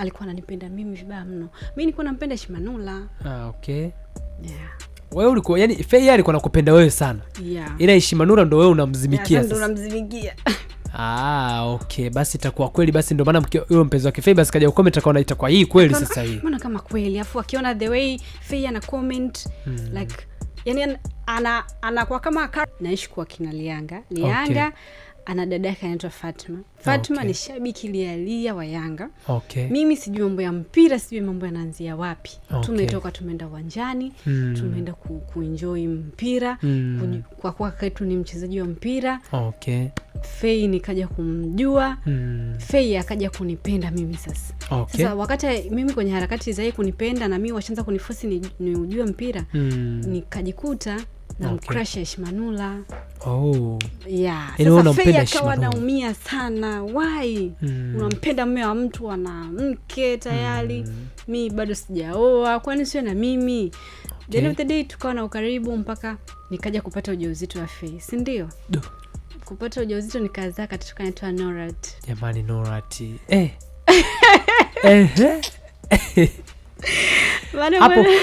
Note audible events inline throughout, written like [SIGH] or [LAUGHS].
alikuwa ananipenda mimi vibaya mno mi nikuwa nampenda shimanula ah, okay yeah wewe yani fei alikuwa nakupenda wewe sana yeah. ila ishimanura ndo wewe unamzimikia yeah, Ah, okay basi itakuwa kweli basi ndio maana huyo mpenzi wake Fei basi kaja itakuwa hii kweli sasa hii. Ah, mbona kama kweli? Afu akiona the way Fei ana comment hmm. like yani anakuwa ana, kama naishi kina Lianga. Lianga okay ana dada yake anaitwa Fatma. Ah, Fatma okay. ni shabiki lialia wa Yanga okay. mimi sijui mambo ya mpira, sijui mambo yanaanzia wapi okay. tumetoka tumeenda uwanjani mm. tumeenda ku, mpira mm. kwa kuwa kaka ni mchezaji wa mpira okay. Fei nikaja kumjua mm. Fei akaja kunipenda mimi sasa okay. Sasa wakati mimi kwenye harakati zai kunipenda na mi washanza kunifosi niujue ni mpira mm. nikajikuta na okay. mkrasha oh. yeah. Yaani akawa naumia sana wai mm. unampenda mme wa mtu ana mke tayari mm. mi bado sijaoa kwani sio na mimi okay. the day tukawa na ukaribu mpaka nikaja kupata uja uzito wa Fei sindio kupata uja nikazaa katoto kanaitwa Norat jamani Norat eh. [LAUGHS] eh, eh.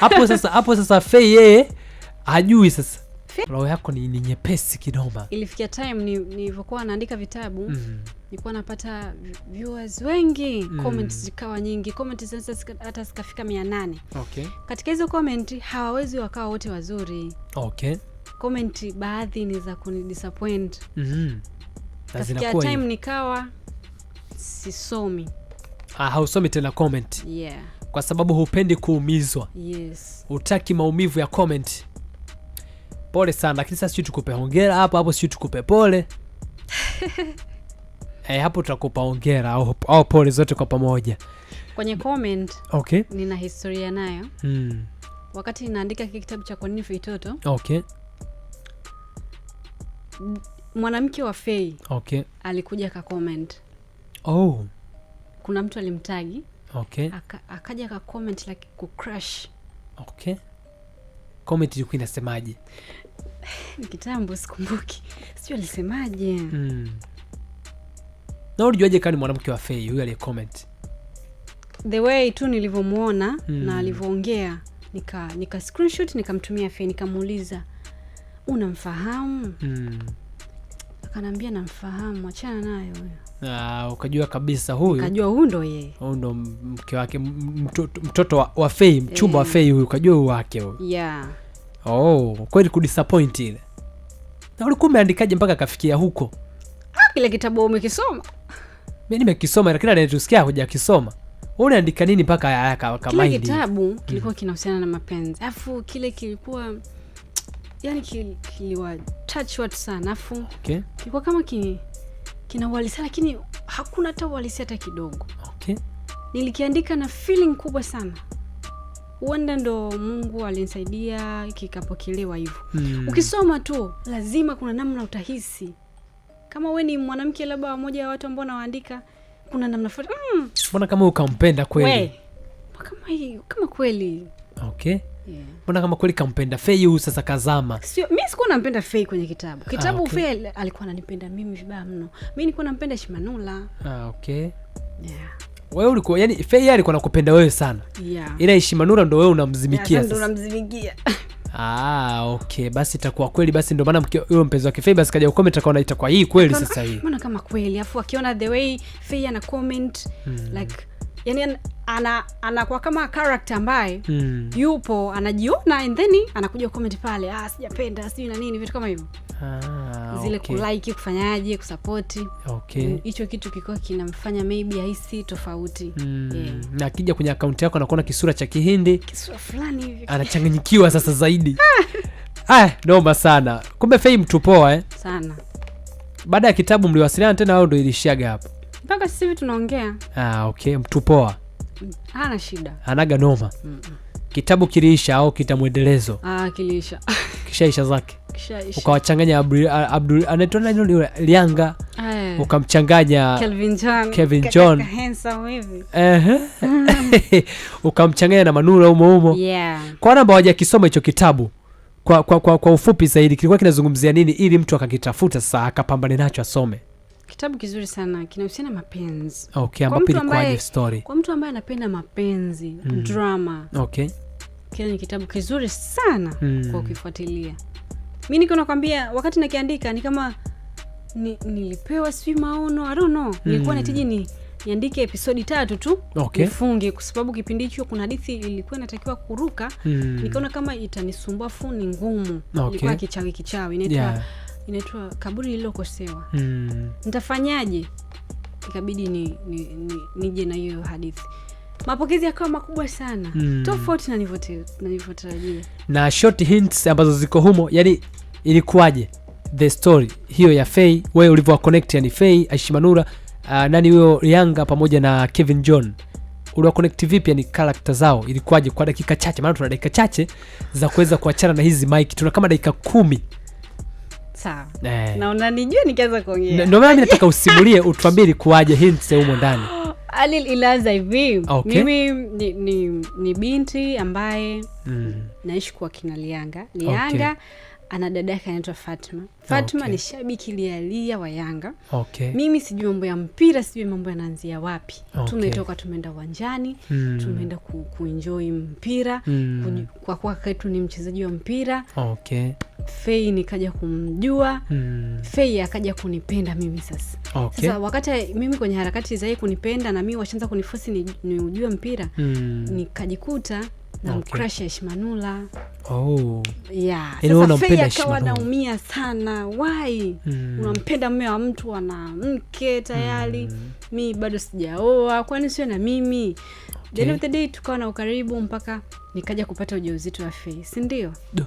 hapo, sasa hapo sasa Fei yeye eh hajui sasa roho yako ni, ni nyepesi kidoma. Ilifikia time nilivyokuwa ni naandika vitabu mm. nilikuwa napata viewers wengi mm. zikawa nyingi, comments hata zikafika mia nane. Okay. Katika hizo comment hawawezi wakawa wote wazuri. Okay. Comment baadhi ni za kunidisappoint mm -hmm. Kafikia time nikawa sisomi. Ah, hausomi tena comment. Yeah. Kwa sababu hupendi kuumizwa. Yes. Utaki maumivu ya comment pole sana, lakini sasa sijui tukupe hongera hapo hapo, sijui tukupe pole [LAUGHS] eh, hapo tutakupa hongera au, au pole zote kwa pamoja kwenye comment. Okay, nina historia nayo mm. Wakati ninaandika kile kitabu cha kwa nini vitoto okay, mwanamke wa Fei okay, alikuja ka comment oh, kuna mtu alimtagi okay, aka, akaja ka comment like ku crush okay, comment ilikuwa inasemaje? kitambo sikumbuki, sijui alisemaje. mm. na ulijuaje kani mwanamke wa Fei huyu aliye comment? The way tu nilivyomwona mm. na hmm. alivyoongea nika nika screenshot nikamtumia Fei nikamuuliza unamfahamu? mm. Akanambia namfahamu, achana naye huyo. Ah, ukajua kabisa huyu, ukajua huyu ndo yeye, huyu ndo mke wake, mtoto, mtoto wa, wa Fei, mchumba yeah. wa eh. Fei huyu, ukajua huyu wake huyu yeah. Oh, kweli kudisappoint ile na ulikuwa umeandikaje mpaka akafikia huko? Ah, kile kitabu umekisoma? mi nimekisoma, lakini anayetusikia hujakisoma. unaandika nini mpaka haya kitabu mm. kilikuwa mm, kinahusiana na mapenzi. Alafu kile kilikuwa yani kiliwa watu sana. afu okay, kilikuwa kama kini, kina uhalisia lakini hakuna hata uhalisia hata kidogo. Okay. Nilikiandika na feeling kubwa sana huenda ndo mungu alinsaidia kikapokelewa hivo mm. ukisoma tu lazima kuna namna utahisi kama we ni mwanamke labda wamoja ya watu ambao nawaandika kuna namna fulani mm. mbona kama ukampenda kweli kama hii kama kweli okay mbona yeah. kama kweli kampenda fei huu sasa kazama sio mi sikuwa nampenda fei kwenye kitabu ah, kitabu ah, okay. fei alikuwa ananipenda mimi vibaya mno mi nikuwa nampenda shimanula ah, okay yeah wewe ulikuwa yani Fei alikuwa nakupenda wewe sana. Yeah. Ila heshima nura ndo wewe unamzimikia sasa. Ah, okay. Basi itakuwa kweli basi ndio maana huyo mpenzi wake Fei basi kaja kucomment akaona itakuwa hii kweli sasa ah, hii. Mbona kama kweli? Afu akiona the way Fei ana comment mm. like yani ana anakuwa kama karakta ambaye mm. yupo anajiona and then anakuja comment pale ah, sijapenda sijui na nini vitu kama hivyo ah, zile okay. kulike kufanyaje kusapoti mm, hicho okay. kitu kikiwa kinamfanya maybe ahisi tofauti mm. yeah. na akija kwenye akaunti yako anakuona kisura cha kihindi kisura fulani hivi anachanganyikiwa sasa zaidi haya [LAUGHS] ah. ah, noma sana kumbe fame tupoa eh? sana baada ya kitabu mliwasiliana tena ao ndo ilishiaga hapo mpaka sisi hivi tunaongea. Ah, okay, mtupoa hana shida, anaga noma mm -mm. Kitabu kiliisha au kitamwendelezo Ah, kiliisha [LAUGHS] kishaisha zake kishaisha. Ukawachanganya Abdul, ah, Abdul anaitwa nani Lianga, eh. ukamchanganya Kelvin John, Kelvin John handsome [LAUGHS] ukamchanganya na Manula humo humo, yeah. Kwa namba hawajakisoma hicho kitabu kwa, kwa, kwa, kwa ufupi zaidi kilikuwa kinazungumzia nini, ili mtu akakitafuta sasa akapambane nacho asome kitabu kizuri sana kinahusiana mapenzi okay, kwa, mtu ambaye, kwa mtu ambaye anapenda mapenzi mm. drama okay. kile ni kitabu kizuri sana mm. kwa ukifuatilia mi niko nakwambia wakati nakiandika ni kama ni, nilipewa sijui maono I don't mm. nilikuwa natiji ni niandike episodi tatu tu okay. nifunge kwa sababu kipindi hicho kuna hadithi ilikuwa inatakiwa kuruka mm. nikaona kama itanisumbua fu ni ngumu okay. ilikuwa kichawi kichawi inaitwa yeah inaitwa kaburi lililokosewa mm. ntafanyaje ikabidi nije ni, ni, ni na hiyo hadithi mapokezi yakawa makubwa sana mm. tofauti nanivyotarajia na short hints ambazo ziko humo yani ilikuwaje the story hiyo ya fei wewe ulivyowaconnect yani fei aishimanura uh, ah, nani huyo yanga pamoja na kevin john uliwaconnect vipi yani karakta zao ilikuwaje kwa dakika chache maana tuna dakika chache za kuweza kuachana na hizi mike tuna kama dakika kumi sawa nijue eh. na unanijua nikianza kuongea ndio maana mi nataka [LAUGHS] usimulie utuambie ilikuwaje hints humo ndani [GASPS] ali ilianza hivi okay. mimi ni, ni, ni binti ambaye mm. naishi kwa kina lianga lianga okay ana dada yake anaitwa Fatma. Ah, Fatma okay. ni shabiki lialia wa Yanga okay. mimi sijui mambo ya mpira, sijui mambo yanaanzia wapi okay. tumetoka tumeenda uwanjani mm. tumeenda ku, mpira mm. kwa kuwa kaka ni mchezaji wa mpira okay. Fei nikaja kumjua mm. Fei akaja kunipenda mimi sasa okay. Sasa wakati mimi kwenye harakati zai kunipenda na mi washanza kunifosi niujue ni mpira mm. nikajikuta na okay. ya Shimanula oh. yeah. Yaani sasa Fei naumia sana wai mm. unampenda mme wa mtu ana mke tayari mm. mi bado sijaoa, kwani sio na mimi okay. the day tukawa na ukaribu mpaka nikaja kupata uja uzito wa Fei, sindio ndio?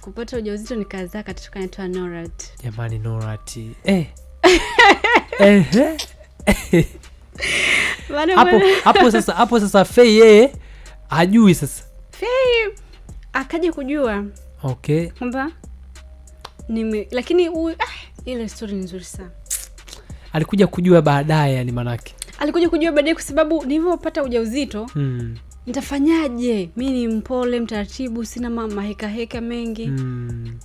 kupata ujauzito nikazaa katoto kanaitwa Norat. Jamani, Norat [LAUGHS] eh. hapo hapo sasa, hapo sasa Fei yeye hajui sasa akaja kujua okay, kwamba lakini ah, ile stori ni nzuri sana. Alikuja kujua baadaye, yani manake alikuja kujua baadaye kwa sababu nilivyopata uzito hmm. ntafanyaje Mi ni mpole mtaratibu, sina mahekaheka mengi hmm.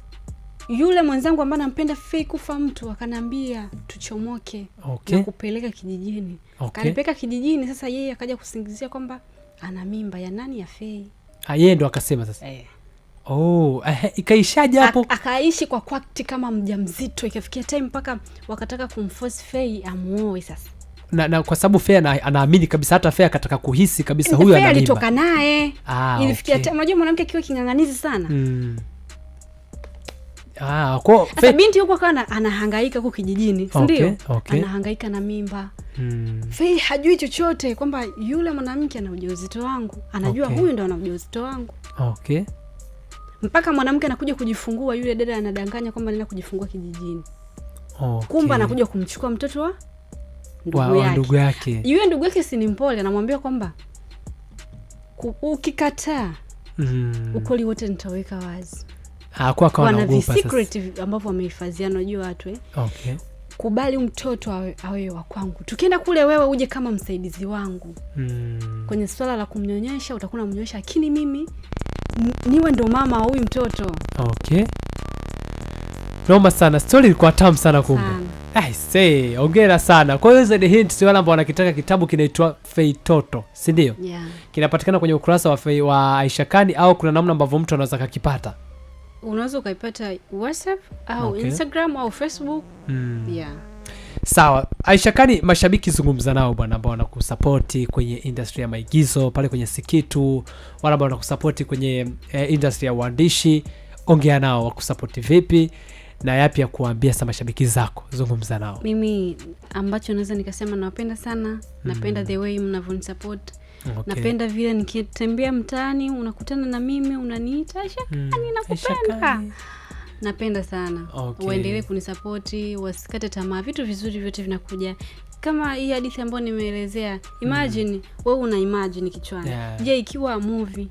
Yule mwenzangu ambaye anampenda Fei kufa mtu akanaambia tuchomoke, okay. na kupeleka kijijini okay. Kanipeleka kijijini. Sasa yeye akaja kusingizia kwamba ana mimba ya nani? Ya Fei. Ah, yeye ndo akasema sasa eh. Oh, ikaishaje hapo? Akaishi kwa kwakti kama mjamzito, ikafikia time mpaka wakataka kumforce Fei amuoe sasa na, na kwa sababu Fea anaamini kabisa, hata Fea akataka kuhisi kabisa huyu ana mimba, alitoka naye ah, ilifikia okay. Unajua mwanamke akiwa king'ang'anizi sana mm. Ah, kwa binti huko akawa anahangaika huko kijijini, si ndio? okay, okay. Anahangaika na mimba mm. Fei hajui chochote kwamba yule mwanamke ana ujauzito wangu, anajua okay. Huyu ndo ana ujauzito wangu okay. Mpaka mwanamke anakuja kujifungua, yule dada anadanganya kwamba anaenda kujifungua kijijini okay. Kumbe anakuja kumchukua mtoto wa ndugu yake. yake yule ndugu yake si ni mpole, anamwambia kwamba ukikataa mm. ukoli wote nitaweka wazi. Hakuwa ah, wana visecret ambavyo wamehifadhiana, najua watu eh. Okay kubali mtoto awe, awe wa kwangu. Tukienda kule, wewe uje kama msaidizi wangu mm. Kwenye swala la kumnyonyesha utakuwa unamnyonyesha, lakini mimi niwe ndo mama wa huyu mtoto. Okay, noma sana. Stori ilikuwa tamu sana kumbe. se ongera sana. Kwa hiyo hizo ni si wale ambao wanakitaka kitabu kinaitwa Feitoto, sindio Yeah. Kinapatikana kwenye ukurasa wa, wa Aisha au kuna namna ambavyo mtu anaweza kakipata? unaweza ukaipata WhatsApp au okay. Instagram au Facebook mm. yeah. Sawa Aisha Kani, mashabiki zungumza nao bwana, ambao wanakusapoti kwenye industry ya maigizo pale kwenye Sikitu, wala ambao wanakusapoti kwenye eh, industry ya uandishi, ongea nao, wakusapoti vipi na yapi ya kuwambia sa mashabiki zako, zungumza nao. Mimi ambacho naweza nikasema nawapenda sana, napenda mm. the way mnavyonisapoti Okay. Napenda vile nikitembea mtaani unakutana na mimi unaniita shakani hmm. nakupenda napenda sana okay. Waendelee kunisapoti, wasikate tamaa, vitu vizuri vyote vinakuja kama hii hadithi ambayo nimeelezea. Imagine mm. wewe una imagine kichwani yeah. Je, ikiwa movie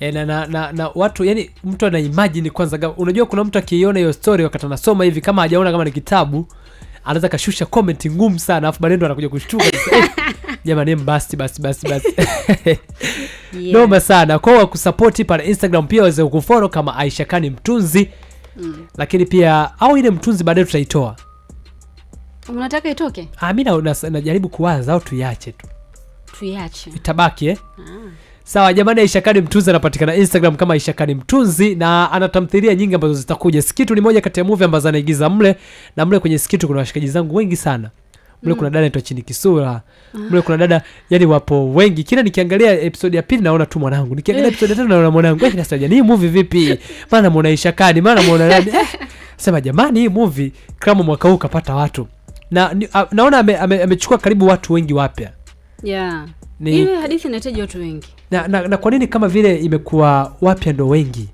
eh, na, na, na, na watu yani, mtu ana imagine kwanza. Unajua kuna mtu akiiona hiyo story wakati anasoma hivi, kama hajaona kama ni kitabu, anaweza kashusha comment ngumu sana, alafu ndo anakuja kushtuka [LAUGHS] jamani basi basi basi basi yeah. [LAUGHS] [LAUGHS] noma sana kwa wakusapoti pale instagram pia waweze kufollow kama aisha kani mtunzi mm. lakini pia au ile mtunzi baadaye tutaitoa unataka itoke ah, mi najaribu kuwaza au tuiache tu tuiache itabaki eh? ah. sawa jamani aishakani mtunzi anapatikana instagram kama aishakani mtunzi na ana tamthilia nyingi ambazo zitakuja skitu ni moja kati ya muvi ambazo anaigiza mle na mle kwenye skitu kuna washikaji zangu wengi sana mle mm. kuna dada naitwa chini kisura ah. mle kuna dada yani wapo wengi kila nikiangalia episodi ya pili naona tu mwanangu nikiangalia eh. episodi ya tatu naona mwanangu eh, nasaja hii muvi vipi maana namuona Aisha Kani maana namuona nani sema jamani hii muvi [LAUGHS] kama [LAUGHS] eh, mwaka huu kapata watu na ni, a, naona amechukua ame, ame karibu watu wengi wapya yeah. ni ile hadithi inahitaji watu wengi na, na, na kwa nini kama vile imekuwa wapya ndo wengi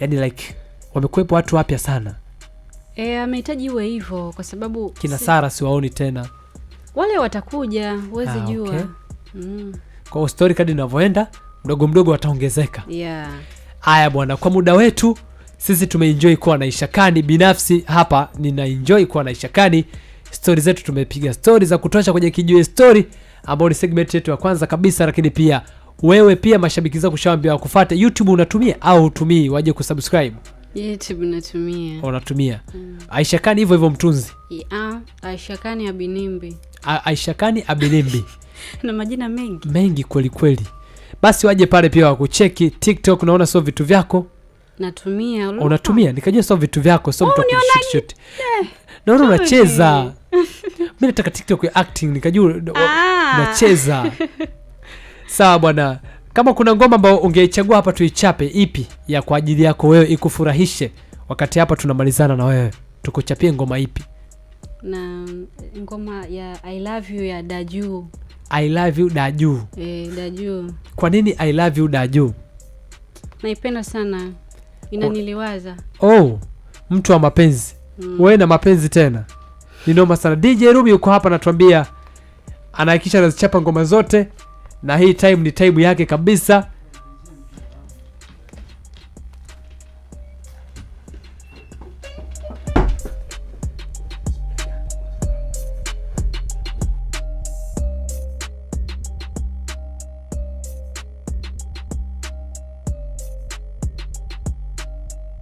yani like wamekuwepo watu wapya sana e, amehitaji uwe hivyo kwa sababu kina si... Sara siwaoni tena, wale watakuja, huwezi ah, jua. Okay. Mm. Kwa story kadi inavyoenda mdogo mdogo wataongezeka. Yeah. Haya bwana, kwa muda wetu sisi tumeenjoy kuwa na Ishakani. Binafsi hapa ninaenjoy kuwa na Ishakani. Stori zetu tumepiga stori za kutosha kwenye Kijue Stori ambayo ni segment yetu ya kwanza kabisa, lakini pia wewe pia mashabiki zako shawaambia wakufate. YouTube unatumia au hutumii? Waje kusubscribe. Oh, unatumia. Mm. Aisha Kani hivyo hivyo mtunzi. Yeah, Aisha Kani Abinimbi. [LAUGHS] na majina mengi. Mengi kweli kweli. Basi waje pale pia wakucheki TikTok naona sio vitu vyako. Natumia. Unatumia? Nikajua sio vitu vyako, sio oh, mtu Naona unacheza. [LAUGHS] mi nataka TikTok ya acting nikajua ah. unacheza. [LAUGHS] Sawa bwana. Kama kuna ngoma ambayo ungeichagua hapa tuichape, ipi ya kwa ajili yako wewe ikufurahishe wakati hapa tunamalizana na wewe, tukuchapie ngoma ipi? Na eh, ngoma ya I love you ya Daju. I love you Daju. Eh, Daju. Kwa nini I love you Daju? Naipenda sana, inaniliwaza. Oh, mtu wa mapenzi mm. Wewe na mapenzi tena ni noma sana. DJ Rumi uko hapa anatuambia, anahakikisha anazichapa ngoma zote na hii time ni time yake kabisa